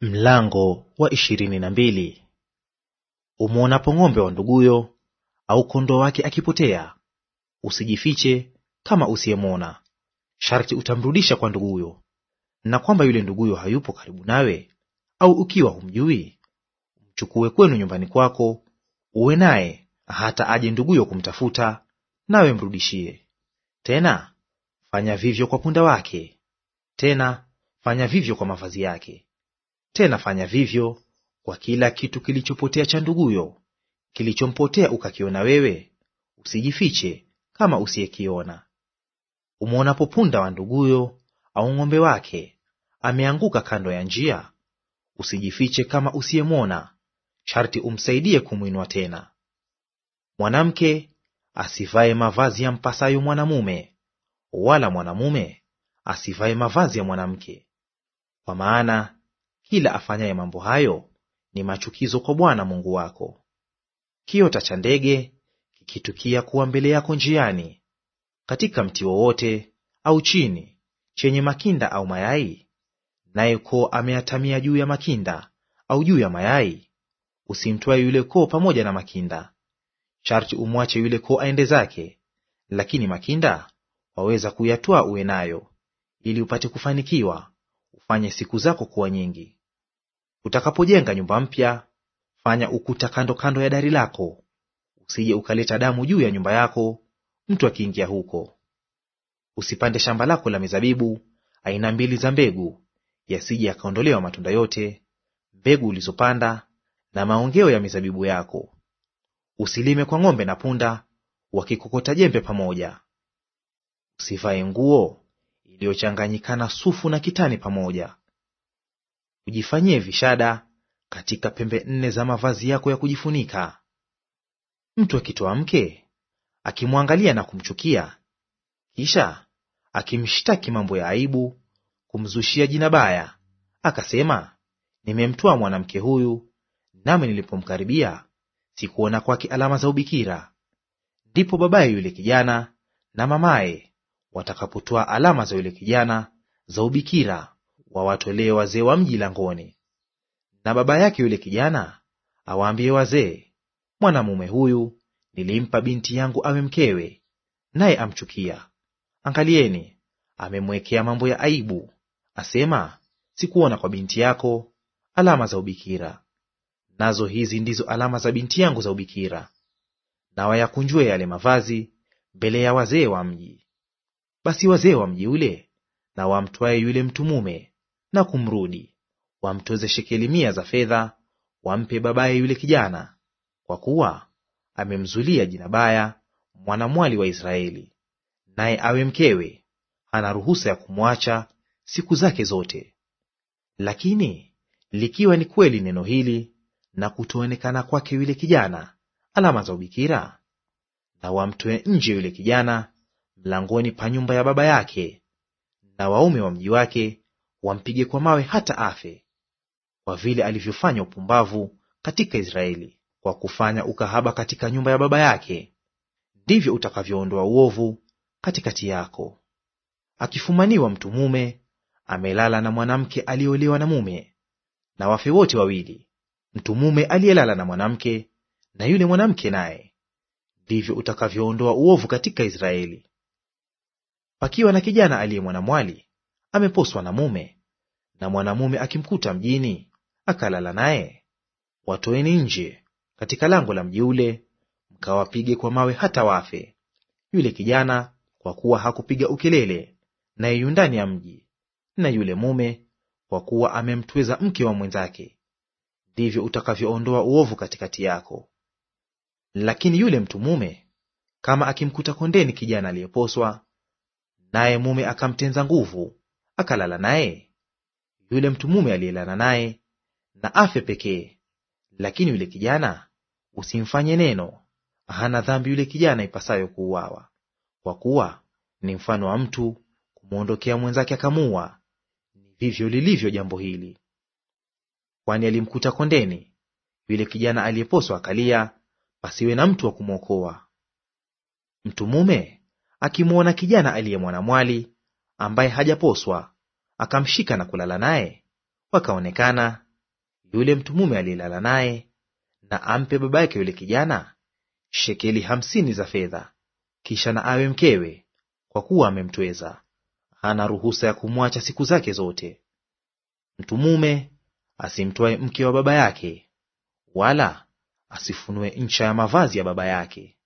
Mlango wa ishirini na mbili. Umwonapo ng'ombe wa nduguyo au kondoo wake akipotea, usijifiche kama usiyemwona. Sharti utamrudisha kwa nduguyo. Na kwamba yule nduguyo hayupo karibu nawe, au ukiwa humjui, mchukue kwenu nyumbani kwako, uwe naye hata aje nduguyo kumtafuta, nawe mrudishie. Tena fanya vivyo kwa punda wake, tena fanya vivyo kwa mavazi yake. Tena fanya vivyo kwa kila kitu kilichopotea cha nduguyo; kilichompotea ukakiona wewe, usijifiche kama usiyekiona. Umwonapo punda wa nduguyo au ng'ombe wake ameanguka kando ya njia, usijifiche kama usiyemwona; sharti umsaidie kumwinua tena. Mwanamke asivae mavazi ya mpasayo mwanamume, wala mwanamume asivae mavazi ya mwanamke, kwa maana kila afanyaye mambo hayo ni machukizo kwa Bwana Mungu wako. Kiota cha ndege kikitukia kuwa mbele yako njiani, katika mti wowote au chini, chenye makinda au mayai, naye koo ameyatamia juu ya makinda au juu ya mayai, usimtwae yule koo pamoja na makinda. Sharti umwache yule koo aende zake, lakini makinda waweza kuyatwaa uwe nayo, ili upate kufanikiwa, ufanye siku zako kuwa nyingi. Utakapojenga nyumba mpya, fanya ukuta kando kando ya dari lako, usije ukaleta damu juu ya nyumba yako mtu akiingia huko. Usipande shamba lako la mizabibu aina mbili za mbegu, yasije yakaondolewa matunda yote, mbegu ulizopanda na maongeo ya mizabibu yako. Usilime kwa ng'ombe na punda wakikokota jembe pamoja. Usivae nguo iliyochanganyikana sufu na kitani pamoja, ujifanyie vishada katika pembe nne za mavazi yako ya kujifunika. Mtu akitoa mke akimwangalia na kumchukia, kisha akimshtaki mambo ya aibu, kumzushia jina baya, akasema, nimemtoa mwanamke huyu, nami nilipomkaribia sikuona kwake alama za ubikira, ndipo babaye yule kijana na mamaye watakapotoa alama za yule kijana za ubikira, wawatolee wazee wa mji langoni. Na baba yake yule kijana awaambie wazee, mwanamume huyu nilimpa binti yangu awe mkewe, naye amchukia. Angalieni, amemwekea mambo ya aibu, asema, sikuona kwa binti yako alama za ubikira. Nazo hizi ndizo alama za binti yangu za ubikira. Na wayakunjwe yale mavazi mbele ya wazee wa mji. Basi wazee wa mji ule na wamtwaye yule mtu mume na kumrudi, wamtoze shekeli mia za fedha, wampe babaye yule kijana, kwa kuwa amemzulia jina baya mwanamwali wa Israeli. Naye awe mkewe, hana ruhusa ya kumwacha siku zake zote. Lakini likiwa ni kweli neno hili, na kutoonekana kwake yule kijana, alama za ubikira, na wamtoe nje yule kijana mlangoni pa nyumba ya baba yake, na waume wa mji wake wampige kwa mawe hata afe, kwa vile alivyofanya upumbavu katika Israeli kwa kufanya ukahaba katika nyumba ya baba yake, ndivyo utakavyoondoa uovu katikati yako. Akifumaniwa mtu mume amelala na mwanamke aliyeolewa na mume, na wafe wote wawili, mtu mume aliyelala na mwanamke na yule mwanamke naye, ndivyo utakavyoondoa uovu katika Israeli. Pakiwa na kijana aliye mwanamwali ameposwa na mume, na mwanamume akimkuta mjini akalala naye, watoeni nje katika lango la mji ule, mkawapige kwa mawe hata wafe. Yule kijana kwa kuwa hakupiga ukelele, naye yu ndani ya mji, na yule mume kwa kuwa amemtweza mke wa mwenzake, ndivyo utakavyoondoa uovu katikati yako. Lakini yule mtu mume kama akimkuta kondeni kijana aliyeposwa, naye mume akamtenza nguvu akalala naye, yule mtu mume aliyelala naye na afe pekee. Lakini yule kijana usimfanye neno, hana dhambi yule kijana ipasayo kuuawa, kwa kuwa ni mfano wa mtu kumwondokea mwenzake akamuua; ni vivyo lilivyo jambo hili. Kwani alimkuta kondeni yule kijana aliyeposwa akalia, pasiwe na mtu wa kumwokoa. Mtu mume akimwona kijana aliye mwanamwali ambaye hajaposwa, akamshika na kulala naye, wakaonekana yule mtu mume aliyelala naye, na ampe baba yake yule kijana shekeli hamsini za fedha, kisha na awe mkewe, kwa kuwa amemtweza; hana ruhusa ya kumwacha siku zake zote. Mtu mume asimtwae mke wa baba yake, wala asifunue ncha ya mavazi ya baba yake.